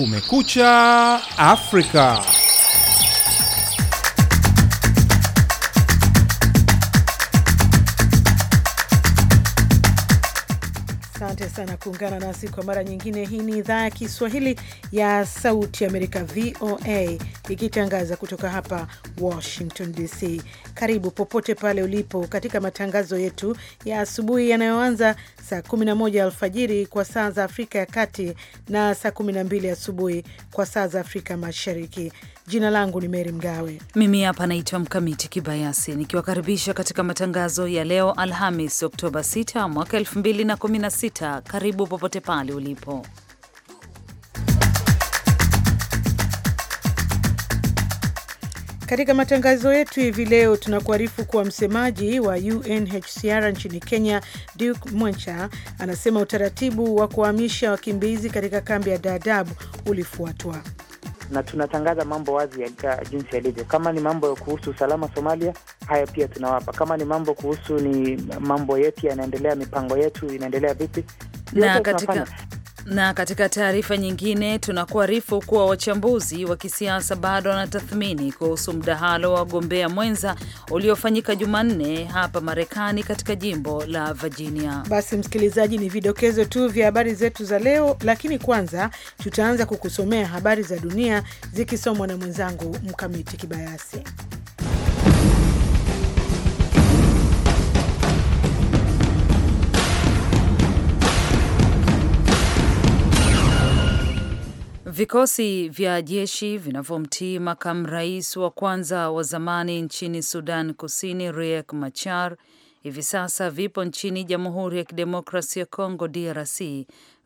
Kumekucha Afrika. Asante sana kuungana nasi kwa mara nyingine. Hii ni idhaa ya Kiswahili ya Sauti Amerika, VOA, ikitangaza kutoka hapa Washington DC. Karibu popote pale ulipo katika matangazo yetu ya asubuhi yanayoanza saa 11 alfajiri kwa saa za Afrika ya Kati na saa 12 asubuhi kwa saa za Afrika Mashariki. Jina langu ni Meri Mgawe. Mimi hapa naitwa Mkamiti Kibayasi, nikiwakaribisha katika matangazo ya leo Alhamis, Oktoba 6 mwaka 2016. Karibu popote pale ulipo Katika matangazo yetu hivi leo tunakuarifu kuwa msemaji wa UNHCR nchini Kenya, Duke Mwencha, anasema utaratibu wa kuhamisha wakimbizi katika kambi ya Dadaab ulifuatwa na tunatangaza mambo wazi ya jinsi yalivyo. Kama ni mambo kuhusu usalama Somalia, haya pia tunawapa. Kama ni mambo kuhusu ni mambo yetu yanaendelea, mipango yetu inaendelea vipi, na katika tunafanya. Na katika taarifa nyingine tunakuarifu kuwa wachambuzi wa kisiasa bado wanatathmini kuhusu mdahalo wa wagombea mwenza uliofanyika Jumanne hapa Marekani katika jimbo la Virginia. Basi msikilizaji, ni vidokezo tu vya habari zetu za leo, lakini kwanza tutaanza kukusomea habari za dunia zikisomwa na mwenzangu Mkamiti Kibayasi. Vikosi vya jeshi vinavyomtii makamu rais wa kwanza wa zamani nchini Sudan Kusini Riek Machar hivi sasa vipo nchini Jamhuri ya kidemokrasi ya congo DRC,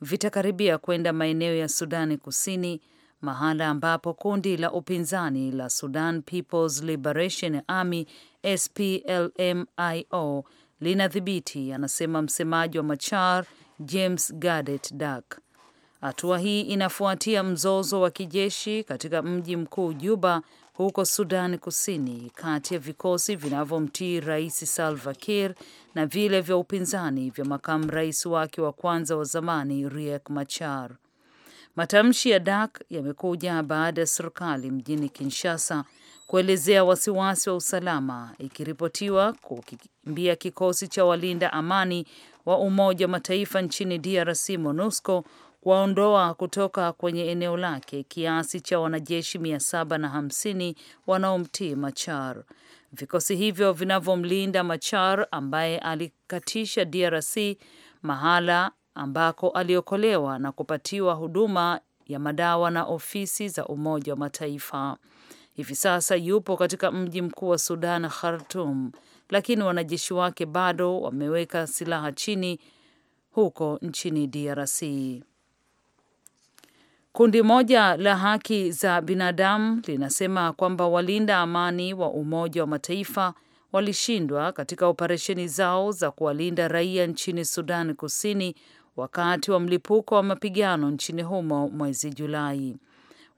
vitakaribia kwenda maeneo ya Sudani Kusini, mahala ambapo kundi la upinzani la Sudan People's Liberation Army SPLMIO linadhibiti, anasema msemaji wa Machar James Gadet Dak. Hatua hii inafuatia mzozo wa kijeshi katika mji mkuu Juba huko Sudan Kusini kati ya vikosi vinavyomtii Rais Salva Kiir na vile vya upinzani vya makamu rais wake wa kwanza wa zamani Riek Machar. Matamshi ya Dak yamekuja baada ya serikali mjini Kinshasa kuelezea wasiwasi wa usalama ikiripotiwa kukimbia kikosi cha walinda amani wa Umoja wa Mataifa nchini DRC MONUSCO kuwaondoa kutoka kwenye eneo lake kiasi cha wanajeshi mia saba na hamsini wanaomtii Machar. Vikosi hivyo vinavyomlinda Machar ambaye alikatisha DRC mahala ambako aliokolewa na kupatiwa huduma ya madawa na ofisi za Umoja wa Mataifa. Hivi sasa yupo katika mji mkuu wa Sudan, Khartum, lakini wanajeshi wake bado wameweka silaha chini huko nchini DRC. Kundi moja la haki za binadamu linasema kwamba walinda amani wa Umoja wa Mataifa walishindwa katika operesheni zao za kuwalinda raia nchini Sudan Kusini wakati wa mlipuko wa mapigano nchini humo mwezi Julai.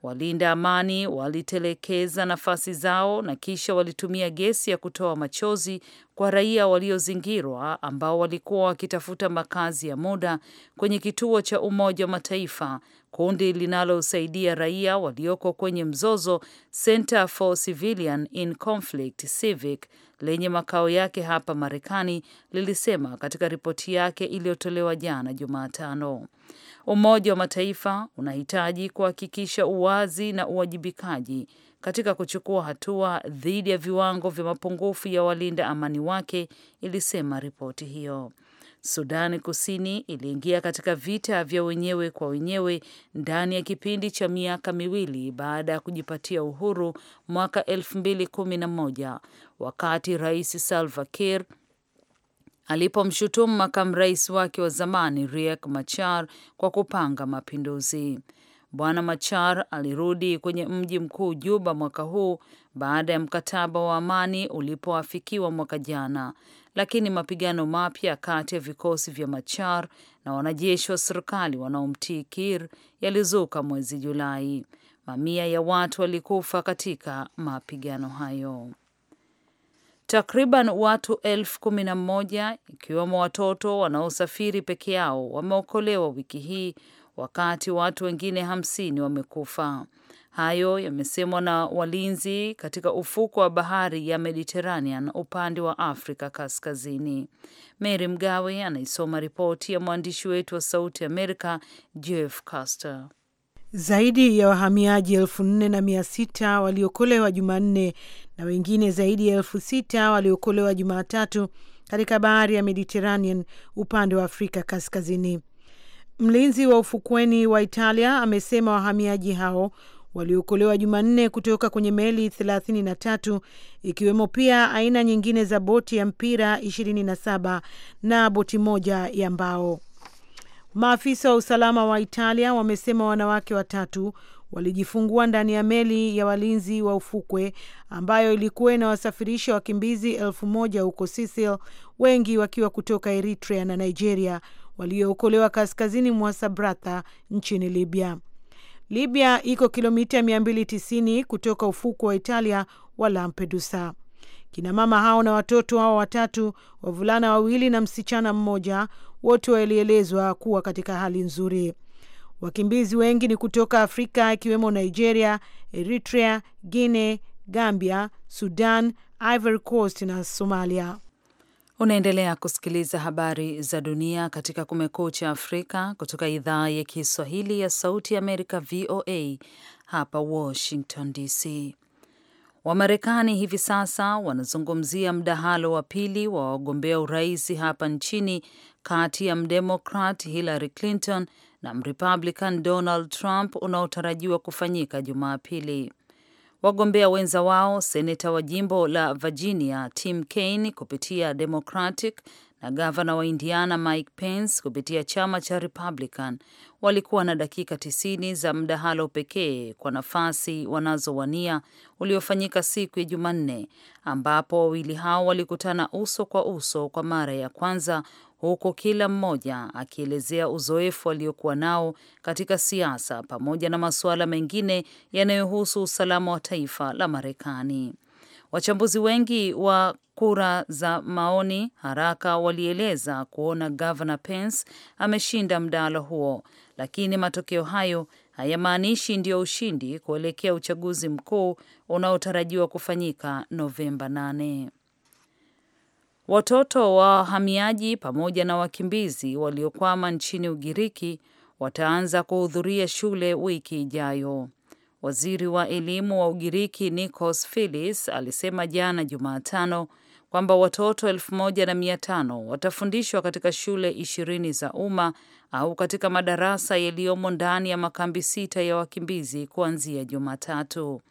Walinda amani walitelekeza nafasi zao na kisha walitumia gesi ya kutoa machozi kwa raia waliozingirwa ambao walikuwa wakitafuta makazi ya muda kwenye kituo cha Umoja wa Mataifa kundi linalosaidia raia walioko kwenye mzozo, Center for Civilian in Conflict CIVIC, lenye makao yake hapa Marekani lilisema katika ripoti yake iliyotolewa jana Jumatano. Umoja wa Mataifa unahitaji kuhakikisha uwazi na uwajibikaji katika kuchukua hatua dhidi ya viwango vya mapungufu ya walinda amani wake, ilisema ripoti hiyo. Sudani Kusini iliingia katika vita vya wenyewe kwa wenyewe ndani ya kipindi cha miaka miwili baada ya kujipatia uhuru mwaka moja wakati Rais Salva Kiir alipomshutumu makamu rais wake wa zamani Riek Machar kwa kupanga mapinduzi. Bwana Machar alirudi kwenye mji mkuu Juba mwaka huu baada ya mkataba wa amani ulipoafikiwa mwaka jana, lakini mapigano mapya kati ya vikosi vya Machar na wanajeshi wa serikali wanaomtii Kir yalizuka mwezi Julai. Mamia ya watu walikufa katika mapigano hayo. Takriban watu elfu kumi na mmoja ikiwemo watoto wanaosafiri peke yao wameokolewa wiki hii, wakati watu wengine hamsini wamekufa. Hayo yamesemwa na walinzi katika ufuko wa bahari ya Mediterranean upande wa Afrika Kaskazini. Mary Mgawe anaisoma ripoti ya mwandishi wetu wa Sauti Amerika Jeff Caster. Zaidi ya wahamiaji elfu nne na mia sita waliokolewa Jumanne na wengine zaidi ya elfu sita waliokolewa Jumatatu katika bahari ya Mediterranean upande wa Afrika Kaskazini. Mlinzi wa ufukweni wa Italia amesema wahamiaji hao waliokolewa Jumanne kutoka kwenye meli 33 ikiwemo pia aina nyingine za boti ya mpira 27 na boti moja ya mbao. Maafisa wa usalama wa Italia wamesema wanawake watatu walijifungua ndani ya meli ya walinzi wa ufukwe ambayo ilikuwa inawasafirisha wakimbizi elfu moja huko Sicily, wengi wakiwa kutoka Eritrea na Nigeria waliookolewa kaskazini mwa Sabratha nchini Libya. Libya iko kilomita 290 kutoka ufuko wa Italia wa Lampedusa. Kinamama hao na watoto hao watatu, wavulana wawili na msichana mmoja, wote walielezwa kuwa katika hali nzuri. Wakimbizi wengi ni kutoka Afrika ikiwemo Nigeria, Eritrea, Guinea, Gambia, Sudan, Ivory Coast na Somalia. Unaendelea kusikiliza habari za dunia katika Kumekucha Afrika kutoka idhaa ya Kiswahili ya Sauti ya Amerika, VOA hapa Washington DC. Wamarekani hivi sasa wanazungumzia mdahalo wa pili wa wagombea urais hapa nchini kati ya mdemokrat Hillary Clinton na mrepublican Donald Trump unaotarajiwa kufanyika Jumapili. Wagombea wenza wao seneta wa jimbo la Virginia Tim Kaine kupitia Democratic na gavana wa Indiana Mike Pence kupitia chama cha Republican walikuwa na dakika tisini za mdahalo pekee kwa nafasi wanazowania uliofanyika siku ya Jumanne, ambapo wawili hao walikutana uso kwa uso kwa mara ya kwanza huku kila mmoja akielezea uzoefu aliokuwa nao katika siasa pamoja na masuala mengine yanayohusu usalama wa taifa la Marekani. Wachambuzi wengi wa kura za maoni haraka walieleza kuona Gavana Pence ameshinda mdahalo huo, lakini matokeo hayo hayamaanishi ndiyo ushindi kuelekea uchaguzi mkuu unaotarajiwa kufanyika Novemba 8. Watoto wa wahamiaji pamoja na wakimbizi waliokwama nchini Ugiriki wataanza kuhudhuria shule wiki ijayo. Waziri wa elimu wa Ugiriki Nikos Filis alisema jana Jumatano kwamba watoto elfu moja na mia tano watafundishwa katika shule ishirini za umma au katika madarasa yaliyomo ndani ya makambi sita ya wakimbizi kuanzia Jumatatu.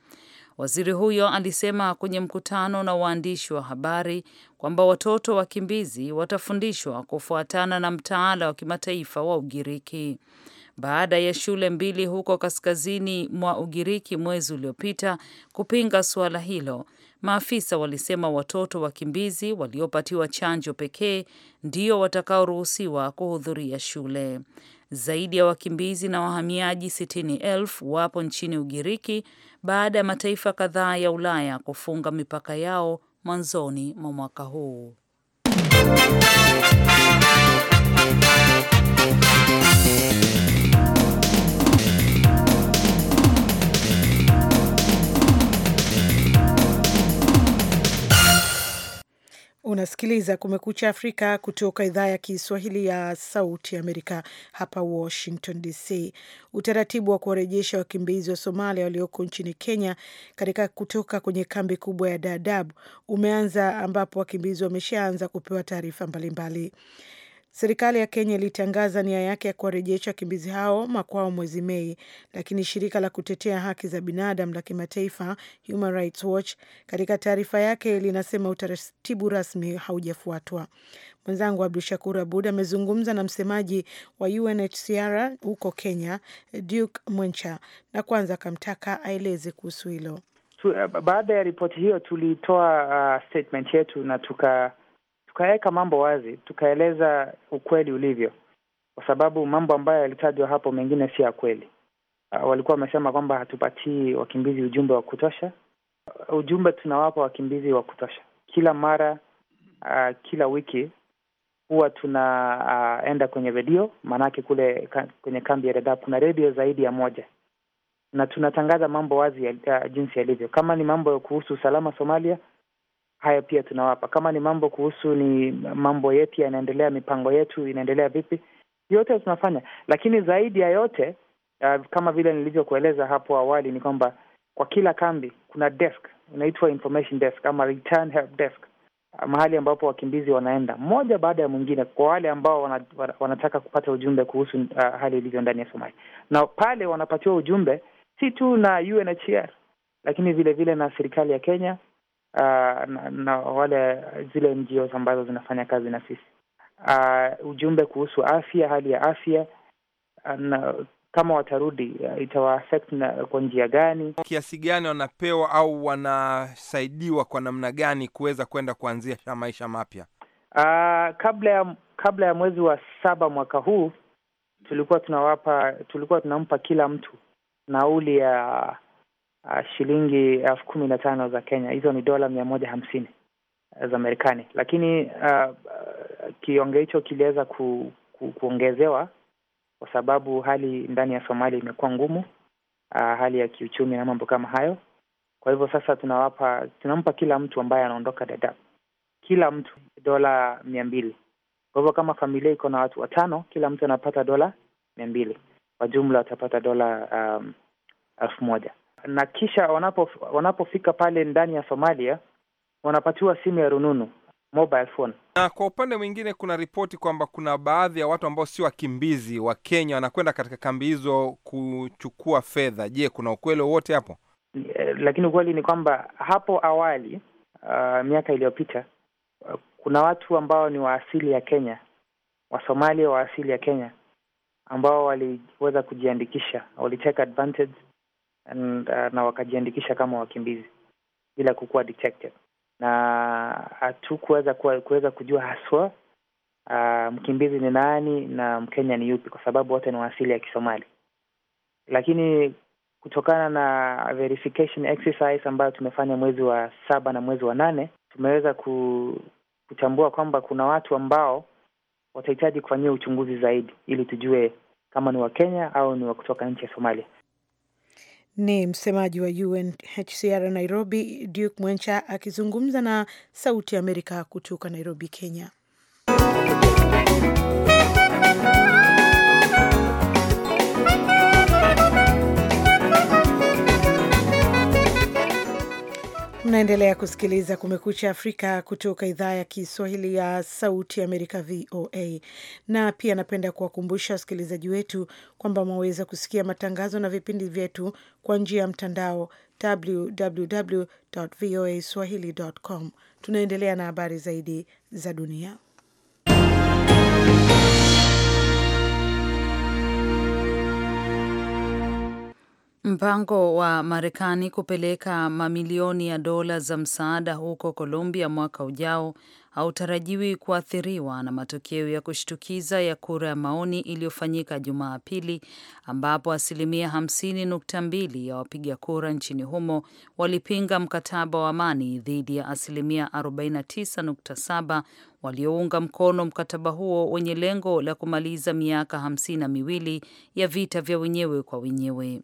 Waziri huyo alisema kwenye mkutano na waandishi wa habari kwamba watoto wakimbizi watafundishwa kufuatana na mtaala wa kimataifa wa Ugiriki. Baada ya shule mbili huko kaskazini mwa Ugiriki mwezi uliopita kupinga suala hilo, maafisa walisema watoto wakimbizi waliopatiwa chanjo pekee ndio watakaoruhusiwa kuhudhuria shule. Zaidi ya wakimbizi na wahamiaji 6 wapo nchini Ugiriki baada ya mataifa kadhaa ya Ulaya kufunga mipaka yao mwanzoni mwa mwaka huu. Unasikiliza Kumekucha Afrika kutoka idhaa ya Kiswahili ya Sauti Amerika hapa Washington DC. Utaratibu wa kuwarejesha wakimbizi wa Somalia walioko nchini Kenya katika kutoka kwenye kambi kubwa ya Dadaab umeanza ambapo wakimbizi wameshaanza kupewa taarifa mbalimbali. Serikali ya Kenya ilitangaza nia yake ya kuwarejesha wakimbizi hao makwao mwezi Mei, lakini shirika la kutetea haki za binadamu la kimataifa Human Rights Watch katika taarifa yake linasema utaratibu rasmi haujafuatwa. Mwenzangu Abdu Shakur Abud amezungumza na msemaji wa UNHCR huko Kenya, Duke Mwencha, na kwanza akamtaka aeleze kuhusu hilo. Eh, baada ya ripoti hiyo tulitoa uh, statement yetu na tuka tukaweka mambo wazi, tukaeleza ukweli ulivyo, kwa sababu mambo ambayo yalitajwa hapo mengine si ya kweli. Ah, walikuwa wamesema kwamba hatupatii wakimbizi ujumbe wa kutosha. Ah, ujumbe tunawapa wakimbizi wa kutosha kila mara. Uh, kila wiki huwa tunaenda uh, kwenye redio, maanake kule ka, kwenye kambi ya Dadaab kuna redio zaidi ya moja, na tunatangaza mambo wazi ya, ya jinsi yalivyo. Kama ni mambo kuhusu usalama Somalia, haya pia tunawapa. Kama ni mambo kuhusu ni mambo yetu yanaendelea, mipango yetu inaendelea vipi, yote tunafanya. Lakini zaidi ya yote uh, kama vile nilivyokueleza hapo awali ni kwamba kwa kila kambi kuna desk inaitwa information desk ama return help desk, uh, mahali ambapo wakimbizi wanaenda mmoja baada ya mwingine, kwa wale ambao wana, wana, wanataka kupata ujumbe kuhusu uh, hali ilivyo ndani ya somali na pale wanapatiwa ujumbe si tu na UNHCR lakini vilevile vile na serikali ya Kenya uh, na, na wale zile NGOs ambazo zinafanya kazi na sisi uh, ujumbe kuhusu afya, hali ya afya uh, na kama watarudi uh, itawa affect na kwa njia gani, kiasi gani wanapewa au wanasaidiwa kwa namna gani kuweza kwenda kuanzisha maisha mapya. Uh, kabla ya kabla ya mwezi wa saba mwaka huu tulikuwa tunawapa tulikuwa tunampa kila mtu nauli ya uh, shilingi elfu kumi na tano za Kenya. Hizo ni dola mia moja hamsini eh, za Marekani, lakini uh, kionge hicho kiliweza ku, ku, kuongezewa kwa sababu hali ndani ya Somalia imekuwa ngumu, uh, hali ya kiuchumi na mambo kama hayo. Kwa hivyo sasa tunawapa tunampa kila mtu ambaye anaondoka Dadaab kila mtu dola mia mbili. Kwa hivyo kama familia iko na watu watano, kila mtu anapata dola mia mbili, kwa jumla watapata dola um, elfu moja na kisha wanapo, wanapofika pale ndani ya Somalia wanapatiwa simu ya rununu mobile phone. Na kwa upande mwingine kuna ripoti kwamba kuna baadhi ya watu ambao sio wakimbizi wa Kenya wanakwenda katika kambi hizo kuchukua fedha. Je, kuna ukweli wowote hapo? Eh, lakini ukweli ni kwamba hapo awali, uh, miaka iliyopita, uh, kuna watu ambao ni wa asili ya Kenya, Wasomalia wa asili ya Kenya ambao waliweza kujiandikisha, wali advantage na, uh, na wakajiandikisha kama wakimbizi bila kukuwa detected, na hatukuweza uh, kuweza kujua haswa uh, mkimbizi ni nani na Mkenya ni yupi, kwa sababu wote ni waasili ya Kisomali, lakini kutokana na verification exercise ambayo tumefanya mwezi wa saba na mwezi wa nane tumeweza kutambua kwamba kuna watu ambao watahitaji kufanyia uchunguzi zaidi ili tujue kama ni Wakenya au ni wa kutoka nchi ya Somalia. Ni msemaji wa UNHCR Nairobi, Duke Mwencha akizungumza na Sauti ya Amerika kutoka Nairobi, Kenya. Mnaendelea kusikiliza Kumekucha Afrika kutoka idhaa ya Kiswahili ya Sauti Amerika, VOA. Na pia napenda kuwakumbusha wasikilizaji wetu kwamba mwaweza kusikia matangazo na vipindi vyetu kwa njia ya mtandao www voa swahili com. Tunaendelea na habari zaidi za dunia. Mpango wa Marekani kupeleka mamilioni ya dola za msaada huko Colombia mwaka ujao hautarajiwi kuathiriwa na matokeo ya kushtukiza ya kura ya maoni iliyofanyika Jumapili, ambapo asilimia 50.2 ya wapiga kura nchini humo walipinga mkataba wa amani dhidi ya asilimia 49.7 waliounga mkono mkataba huo wenye lengo la kumaliza miaka hamsini na miwili ya vita vya wenyewe kwa wenyewe.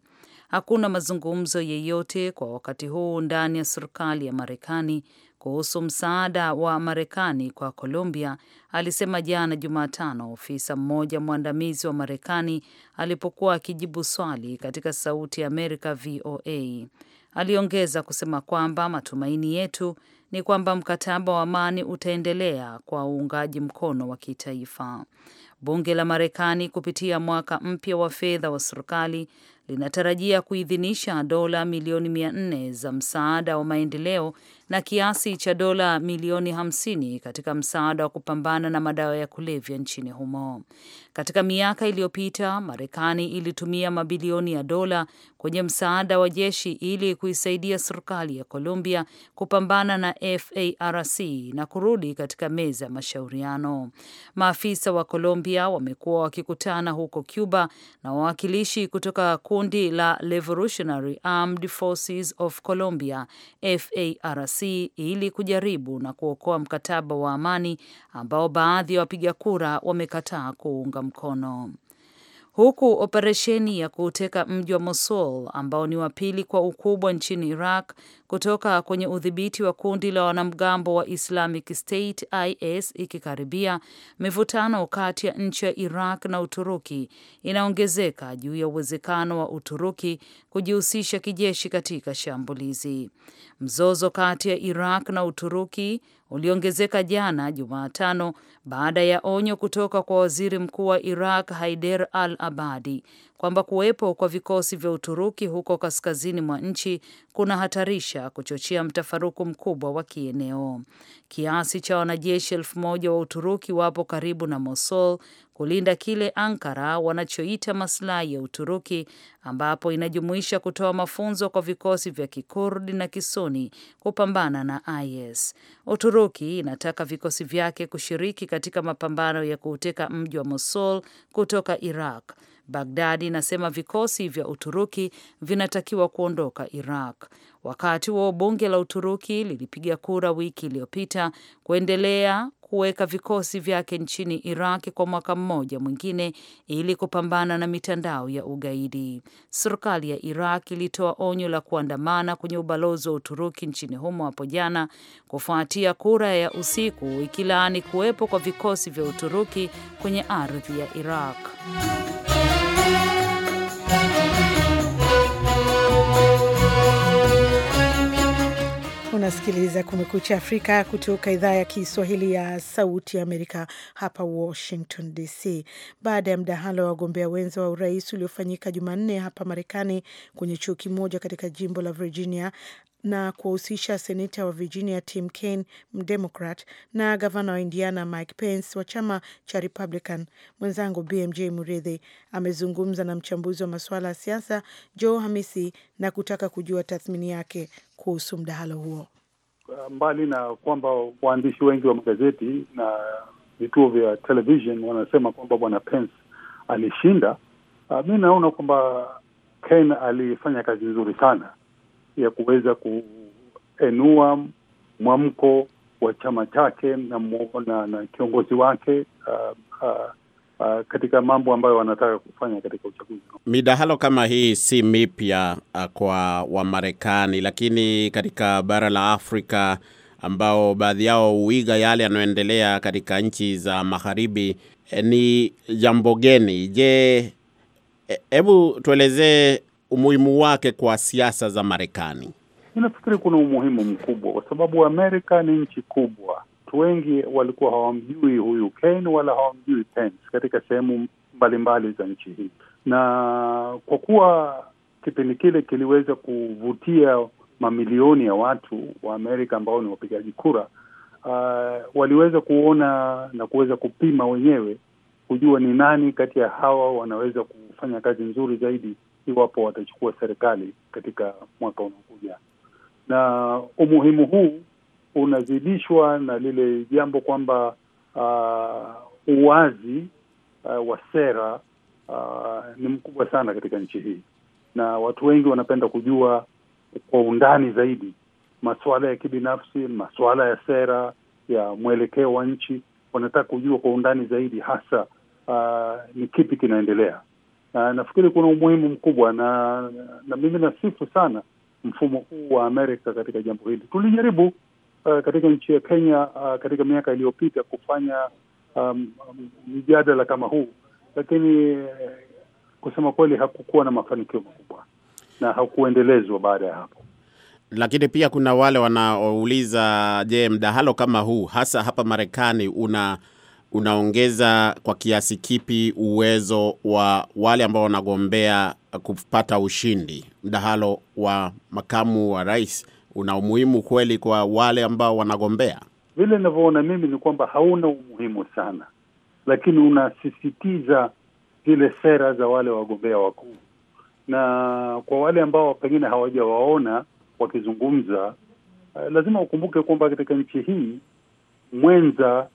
Hakuna mazungumzo yeyote kwa wakati huu ndani ya serikali ya Marekani kuhusu msaada wa Marekani kwa Colombia, alisema jana Jumatano ofisa mmoja mwandamizi wa Marekani alipokuwa akijibu swali katika Sauti ya Amerika VOA. Aliongeza kusema kwamba matumaini yetu ni kwamba mkataba wa amani utaendelea kwa uungaji mkono wa kitaifa. Bunge la Marekani kupitia mwaka mpya wa fedha wa serikali linatarajia kuidhinisha dola milioni mia nne za msaada wa maendeleo na kiasi cha dola milioni 50 katika msaada wa kupambana na madawa ya kulevya nchini humo. Katika miaka iliyopita, Marekani ilitumia mabilioni ya dola kwenye msaada wa jeshi ili kuisaidia serikali ya Colombia kupambana na FARC na kurudi katika meza ya mashauriano. Maafisa wa Colombia wamekuwa wakikutana huko Cuba na wawakilishi kutoka kundi la Revolutionary Armed Forces of Colombia FARC ili kujaribu na kuokoa mkataba wa amani ambao baadhi ya wapiga kura wamekataa kuunga mkono huku operesheni ya kuuteka mji wa Mosul ambao ni wa pili kwa ukubwa nchini Iraq kutoka kwenye udhibiti wa kundi la wanamgambo wa Islamic State IS ikikaribia, mivutano kati ya nchi ya Iraq na Uturuki inaongezeka juu ya uwezekano wa Uturuki kujihusisha kijeshi katika shambulizi. Mzozo kati ya Iraq na Uturuki uliongezeka jana Jumatano baada ya onyo kutoka kwa waziri mkuu wa Iraq Haider al Abadi kwamba kuwepo kwa vikosi vya Uturuki huko kaskazini mwa nchi kunahatarisha kuchochea mtafaruku mkubwa wa kieneo. Kiasi cha wanajeshi elfu moja wa Uturuki wapo karibu na Mosul kulinda kile Ankara wanachoita maslahi ya Uturuki, ambapo inajumuisha kutoa mafunzo kwa vikosi vya Kikurdi na Kisuni kupambana na IS. Uturuki inataka vikosi vyake kushiriki katika mapambano ya kuuteka mji wa Mosul kutoka Iraq. Bagdadi inasema vikosi vya Uturuki vinatakiwa kuondoka Iraq. Wakati huo bunge la Uturuki lilipiga kura wiki iliyopita kuendelea kuweka vikosi vyake nchini Iraq kwa mwaka mmoja mwingine ili kupambana na mitandao ya ugaidi. Serikali ya Iraq ilitoa onyo la kuandamana kwenye ubalozi wa Uturuki nchini humo hapo jana kufuatia kura ya usiku ikilaani kuwepo kwa vikosi vya Uturuki kwenye ardhi ya Iraq. Unasikiliza Kumekucha Afrika kutoka idhaa ya Kiswahili ya Sauti Amerika hapa Washington DC. Baada ya mdahalo wa wagombea wenza wa urais uliofanyika Jumanne hapa Marekani kwenye chuo kimoja katika jimbo la Virginia, na kuwahusisha seneta wa Virginia Tim Kaine, Mdemokrat, na gavana wa Indiana Mike Pence wa chama cha Republican. Mwenzangu BMJ Muridhi amezungumza na mchambuzi wa masuala ya siasa Joe Hamisi na kutaka kujua tathmini yake kuhusu mdahalo huo. Mbali na kwamba waandishi wengi wa magazeti na vituo vya television wanasema kwamba bwana Pence alishinda, ah, mi naona kwamba Ken alifanya kazi nzuri sana ya kuweza kuenua mwamko wa chama chake na, na, na kiongozi wake uh, uh, Uh, katika mambo ambayo wanataka kufanya katika uchaguzi. Midahalo kama hii si mipya uh, kwa Wamarekani, lakini katika bara la Afrika ambao baadhi yao huiga yale yanayoendelea katika nchi za magharibi eh, ni jambo geni. Je, eh, hebu tuelezee umuhimu wake kwa siasa za Marekani? Ninafikiri kuna umuhimu mkubwa kwa sababu Amerika ni nchi kubwa. Watu wengi walikuwa hawamjui huyu Kane wala hawamjui Pence katika sehemu mbalimbali za nchi hii, na kwa kuwa kipindi kile kiliweza kuvutia mamilioni ya watu wa Amerika ambao ni wapigaji kura, uh, waliweza kuona na kuweza kupima wenyewe kujua ni nani kati ya hawa wanaweza kufanya kazi nzuri zaidi iwapo watachukua serikali katika mwaka unaokuja. Na umuhimu huu unazidishwa na lile jambo kwamba uh, uwazi uh, wa sera uh, ni mkubwa sana katika nchi hii, na watu wengi wanapenda kujua kwa undani zaidi masuala ya kibinafsi, masuala ya sera, ya mwelekeo wa nchi. Wanataka kujua kwa undani zaidi, hasa uh, ni kipi kinaendelea na nafikiri kuna umuhimu mkubwa na, na mimi nasifu sana mfumo huu wa Amerika katika jambo hili. Tulijaribu uh, katika nchi ya Kenya uh, katika miaka iliyopita kufanya um, mjadala um, kama huu, lakini eh, kusema kweli hakukuwa na mafanikio makubwa na hakuendelezwa baada ya hapo. Lakini pia kuna wale wanaouliza, je, mdahalo kama huu hasa hapa Marekani una unaongeza kwa kiasi kipi uwezo wa wale ambao wanagombea kupata ushindi? Mdahalo wa makamu wa rais una umuhimu kweli kwa wale ambao wanagombea? Vile inavyoona mimi ni kwamba hauna umuhimu sana, lakini unasisitiza zile sera za wale wagombea wakuu, na kwa wale ambao pengine hawajawaona wakizungumza, eh, lazima ukumbuke kwamba katika nchi hii mwenza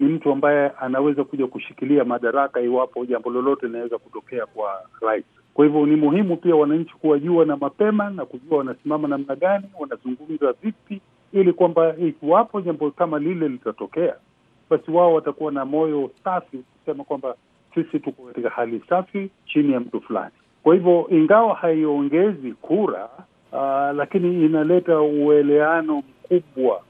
ni mtu ambaye anaweza kuja kushikilia madaraka iwapo jambo lolote linaweza kutokea kwa rais. Kwa hivyo ni muhimu pia wananchi kuwajua na mapema na kujua wanasimama namna gani, wanazungumza vipi, ili kwamba iwapo jambo kama lile litatokea, basi wao watakuwa na moyo safi kusema kwamba sisi tuko katika hali safi chini ya mtu fulani. Kwa hivyo ingawa haiongezi kura, aa, ah, lakini inaleta ueleano mkubwa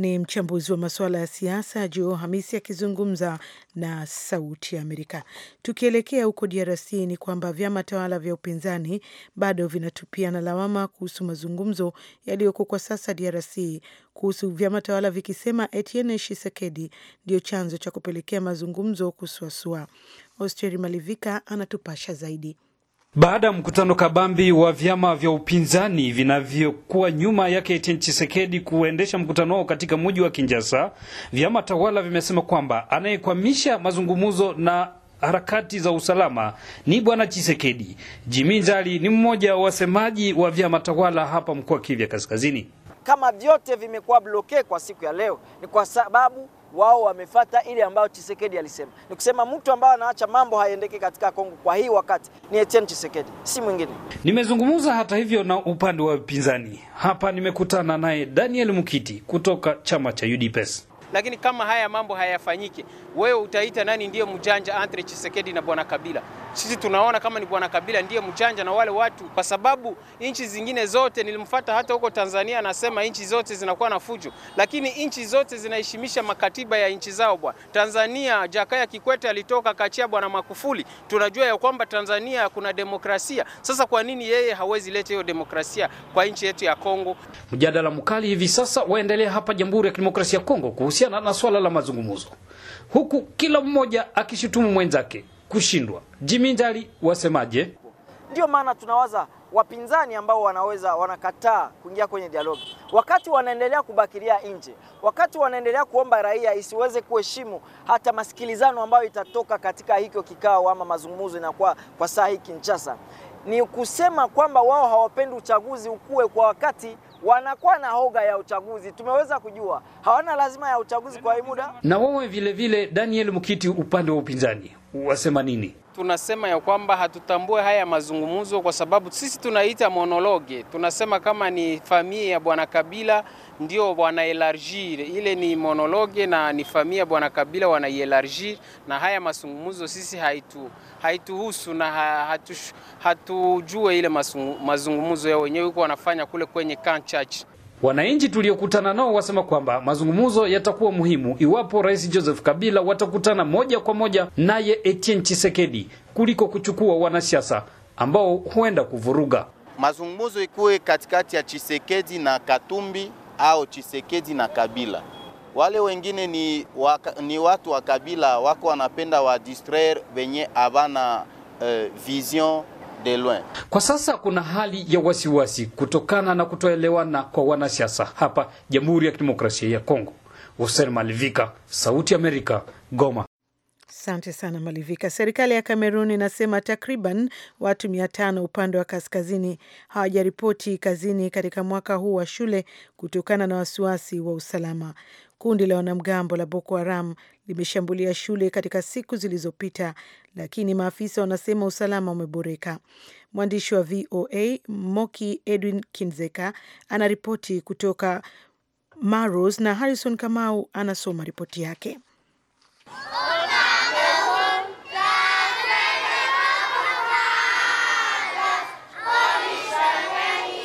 ni mchambuzi wa masuala ya siasa juu Hamisi akizungumza na Sauti ya Amerika. Tukielekea huko DRC ni kwamba vyama tawala vya upinzani bado vinatupiana lawama kuhusu mazungumzo yaliyoko kwa sasa DRC kuhusu vyama tawala vikisema Etienne Tshisekedi ndio chanzo cha kupelekea mazungumzo kusuasua. Austeri Malivika anatupasha zaidi. Baada ya mkutano kabambi wa vyama vya upinzani vinavyokuwa nyuma yake Etienne Tshisekedi kuendesha mkutano wao katika mji wa Kinshasa, vyama tawala vimesema kwamba anayekwamisha mazungumzo na harakati za usalama ni bwana Tshisekedi. Jimi Njali ni mmoja wa wasemaji wa vyama tawala hapa mkoa Kivu Kaskazini. Kama vyote vimekuwa bloke kwa siku ya leo ni kwa sababu wao wamefata ile ambayo Chisekedi alisema, ni kusema mtu ambaye anaacha mambo hayendeki katika Kongo kwa hii wakati ni Etienne Chisekedi, si mwingine. Nimezungumza hata hivyo na upande wa upinzani hapa, nimekutana naye Daniel Mukiti kutoka chama cha UDPS lakini kama haya mambo hayafanyike, wewe utaita nani ndiye mjanja? Andre Chisekedi na bwana Kabila? Sisi tunaona kama ni bwana Kabila ndiye mjanja na wale watu, kwa sababu nchi zingine zote nilimfuata, hata huko Tanzania anasema nchi zote zinakuwa na fujo, lakini nchi zote zinaheshimisha makatiba ya nchi zao. Bwana Tanzania, Jakaya Kikwete alitoka kachia bwana Magufuli, tunajua ya kwamba Tanzania kuna demokrasia. Sasa kwa nini yeye hawezi leta hiyo demokrasia kwa nchi yetu ya Kongo? Mjadala mkali hivi sasa waendelea hapa Jamhuri ya Kidemokrasia ya Kongo kuhusu kuhusiana na swala la mazungumzo, huku kila mmoja akishutumu mwenzake kushindwa. Jimindali wasemaje? Ndio maana tunawaza wapinzani ambao wanaweza wanakataa kuingia kwenye dialogi, wakati wanaendelea kubakilia nje, wakati wanaendelea kuomba raia isiweze kuheshimu hata masikilizano ambayo itatoka katika hiko kikao ama mazungumzo inakuwa kwa saa hii Kinshasa, ni kusema kwamba wao hawapendi uchaguzi ukue kwa wakati wanakuwa na hoga ya uchaguzi, tumeweza kujua hawana lazima ya uchaguzi kwa hii muda. Na wewe vile vile Daniel Mukiti, upande wa upinzani wasema nini? Tunasema ya kwamba hatutambue haya mazungumzo kwa sababu sisi tunaita monologe. Tunasema kama ni familia ya bwana Kabila ndio wanailargir, ile ni monologe na ni familia ya bwana Kabila wanailargir, na haya mazungumzo sisi haitu haituhusu na hatu, hatujue ile mazungumzo yao wenyewe huko wanafanya kule kwenye Kan Wananchi tuliokutana nao wasema kwamba mazungumzo yatakuwa muhimu iwapo Rais Joseph Kabila watakutana moja kwa moja naye Etienne Tshisekedi kuliko kuchukua wanasiasa ambao huenda kuvuruga. Mazungumzo ikuwe katikati ya Tshisekedi na Katumbi au Tshisekedi na Kabila. Wale wengine ni, waka, ni watu wa Kabila wako wanapenda wa distraire wenye avana uh, eh, vision kwa sasa kuna hali ya wasiwasi kutokana na kutoelewana kwa wanasiasa hapa Jamhuri ya Kidemokrasia ya Kongo. Hussein Malivika, Sauti Amerika, Goma. Asante sana Malivika. Serikali ya Kamerun inasema takriban watu mia tano upande wa kaskazini hawajaripoti kazini katika mwaka huu wa shule kutokana na wasiwasi wa usalama. Kundi la wanamgambo la Boko Haram limeshambulia shule katika siku zilizopita, lakini maafisa wanasema usalama umeboreka. Mwandishi wa VOA Moki Edwin Kinzeka anaripoti kutoka Maros na Harrison Kamau anasoma ripoti yake.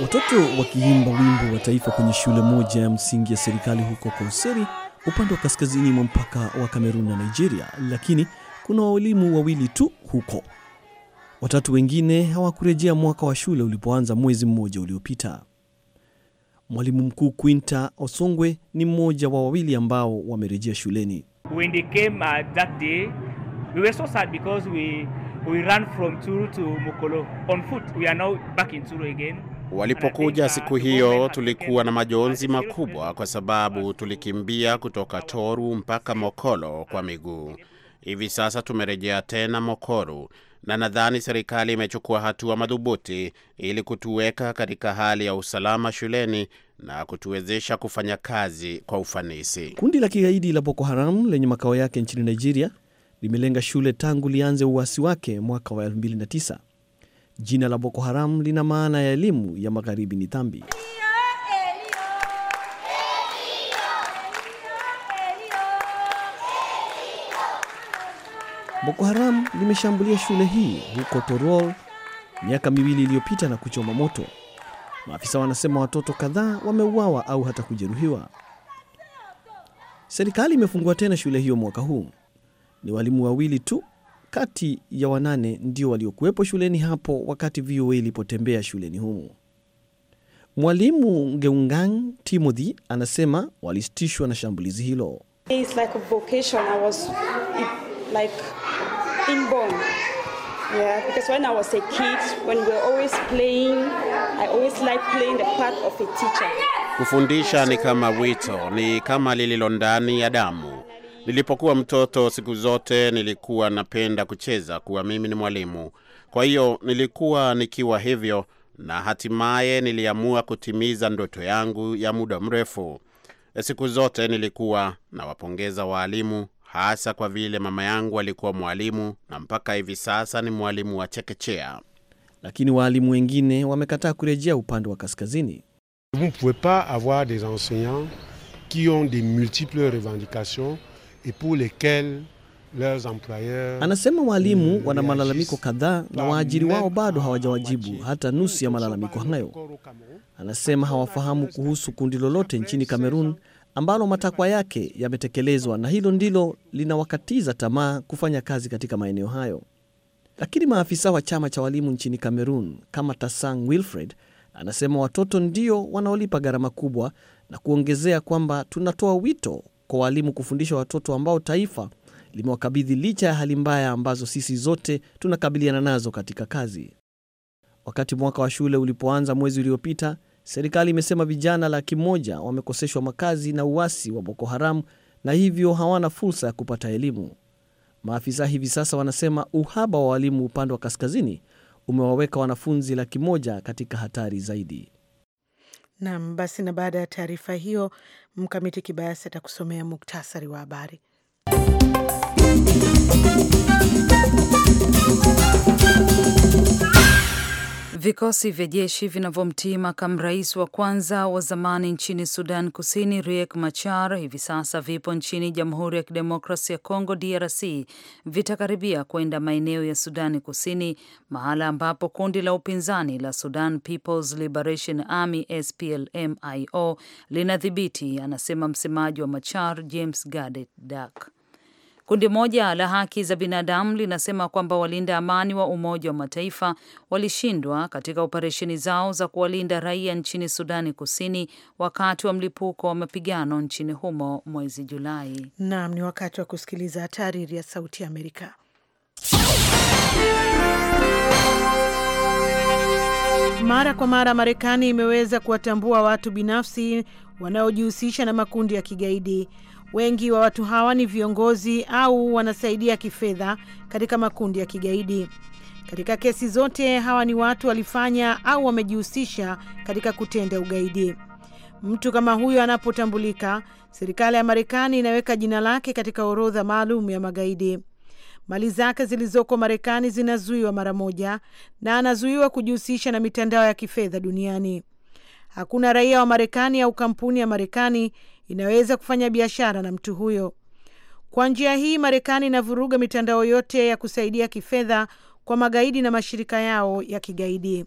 Watoto wakiimba wimbo wa taifa kwenye shule moja ya msingi ya serikali huko Kouseri, upande wa kaskazini mwa mpaka wa Kamerun na Nigeria, lakini kuna walimu wawili tu huko. Watatu wengine hawakurejea mwaka wa shule ulipoanza mwezi mmoja uliopita. Mwalimu mkuu Quinta Osongwe ni mmoja wa wawili ambao wamerejea shuleni. When they came, uh, that day, we were so sad because we, we ran from Turu to Mukolo On foot, we are now back in Turu again. Walipokuja siku hiyo tulikuwa na majonzi makubwa kwa sababu tulikimbia kutoka Toru mpaka Mokolo kwa miguu. Hivi sasa tumerejea tena Mokoru na nadhani serikali imechukua hatua madhubuti ili kutuweka katika hali ya usalama shuleni na kutuwezesha kufanya kazi kwa ufanisi. Kundi la kigaidi la Boko Haram lenye makao yake nchini Nigeria limelenga shule tangu lianze uasi wake mwaka wa Jina la Boko Haram lina maana ya elimu ya magharibi ni dhambi. Boko Haram limeshambulia shule hii huko Torol miaka miwili iliyopita na kuchoma moto. Maafisa wanasema watoto kadhaa wameuawa au hata kujeruhiwa. Serikali imefungua tena shule hiyo mwaka huu. Ni walimu wawili tu kati ya wanane ndio waliokuwepo shuleni hapo wakati VOA ilipotembea shuleni humo. Mwalimu Ngeungang Timothy anasema walisitishwa na shambulizi hilo. Kufundisha ni kama wito, ni kama lililo ndani ya damu. Nilipokuwa mtoto, siku zote nilikuwa napenda kucheza, kuwa mimi ni mwalimu. Kwa hiyo nilikuwa nikiwa hivyo, na hatimaye niliamua kutimiza ndoto yangu ya muda mrefu. Siku zote nilikuwa nawapongeza waalimu, hasa kwa vile mama yangu alikuwa mwalimu na mpaka hivi sasa ni mwalimu wa chekechea. Lakini waalimu wengine wamekataa kurejea upande wa kaskazini. Vous ne pouvez pas avoir des enseignants qui ont de multiples revendications et pour lesquels leurs employeurs. Anasema walimu wana malalamiko kadhaa na waajiri wao bado hawajawajibu hata nusu ya malalamiko hayo. Anasema hawafahamu kuhusu kundi lolote nchini Kamerun ambalo matakwa yake yametekelezwa, na hilo ndilo linawakatiza tamaa kufanya kazi katika maeneo hayo. Lakini maafisa wa chama cha walimu nchini Kamerun kama Tasang Wilfred anasema watoto ndio wanaolipa gharama kubwa na kuongezea kwamba tunatoa wito kwa walimu kufundisha watoto ambao taifa limewakabidhi licha ya hali mbaya ambazo sisi zote tunakabiliana nazo katika kazi. Wakati mwaka wa shule ulipoanza mwezi uliopita, serikali imesema vijana laki moja wamekoseshwa makazi na uasi wa Boko haramu na hivyo hawana fursa ya kupata elimu. Maafisa hivi sasa wanasema uhaba wa walimu upande wa kaskazini umewaweka wanafunzi laki moja katika hatari zaidi. Nam basi, na baada ya taarifa hiyo, Mkamiti Kibayasi atakusomea muktasari wa habari. Vikosi vya jeshi vinavyomtii makamu rais wa kwanza wa zamani nchini Sudan Kusini Riek Machar hivi sasa vipo nchini Jamhuri ya Kidemokrasia ya Kongo DRC, vitakaribia kwenda maeneo ya Sudani Kusini, mahala ambapo kundi la upinzani la Sudan People's Liberation Army SPLMIO linadhibiti, anasema msemaji wa Machar James Gadet Dak. Kundi moja la haki za binadamu linasema kwamba walinda amani wa Umoja wa Mataifa walishindwa katika operesheni zao za kuwalinda raia nchini Sudani Kusini wakati wa mlipuko wa mapigano nchini humo mwezi Julai. Naam, ni wakati wa kusikiliza tahariri ya Sauti ya Amerika. Mara kwa mara Marekani imeweza kuwatambua watu binafsi wanaojihusisha na makundi ya kigaidi. Wengi wa watu hawa ni viongozi au wanasaidia kifedha katika makundi ya kigaidi. Katika kesi zote, hawa ni watu walifanya au wamejihusisha katika kutenda ugaidi. Mtu kama huyo anapotambulika, serikali ya Marekani inaweka jina lake katika orodha maalum ya magaidi. Mali zake zilizoko Marekani zinazuiwa mara moja na anazuiwa kujihusisha na mitandao ya kifedha duniani. Hakuna raia wa Marekani au kampuni ya Marekani inaweza kufanya biashara na mtu huyo. Kwa njia hii, Marekani inavuruga mitandao yote ya kusaidia kifedha kwa magaidi na mashirika yao ya kigaidi.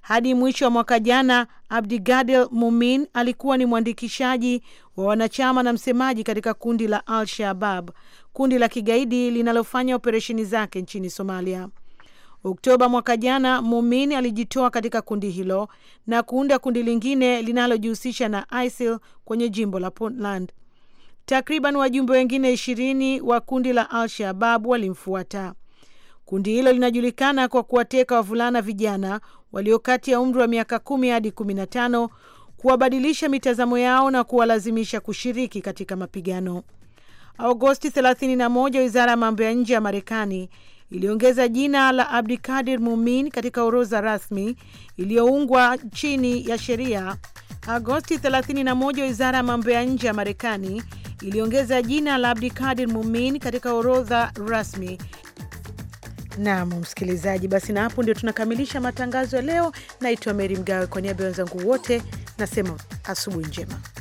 Hadi mwisho wa mwaka jana, Abdigadel Mumin alikuwa ni mwandikishaji wa wanachama na msemaji katika kundi la Al Shabab, kundi la kigaidi linalofanya operesheni zake nchini Somalia. Oktoba mwaka jana, Mumin alijitoa katika kundi hilo na kuunda kundi lingine linalojihusisha na ISIL kwenye jimbo la Puntland. Takriban wajumbe wengine ishirini wa kundi la Al Shababu walimfuata. Kundi hilo linajulikana kwa kuwateka wavulana vijana walio kati ya umri wa miaka kumi hadi kumi na tano kuwabadilisha mitazamo yao na kuwalazimisha kushiriki katika mapigano. Agosti 31, wizara ya mambo ya nje ya Marekani iliongeza jina la Abdikadir Mumin katika orodha rasmi iliyoungwa chini ya sheria. Agosti 31, wizara ya mambo ya nje ya Marekani iliongeza jina la Abdikadir Mumin katika orodha rasmi. Nam msikilizaji, basi na hapo ndio tunakamilisha matangazo ya leo. Naitwa Meri Mgawe, kwa niaba ya wenzangu wote nasema asubuhi njema.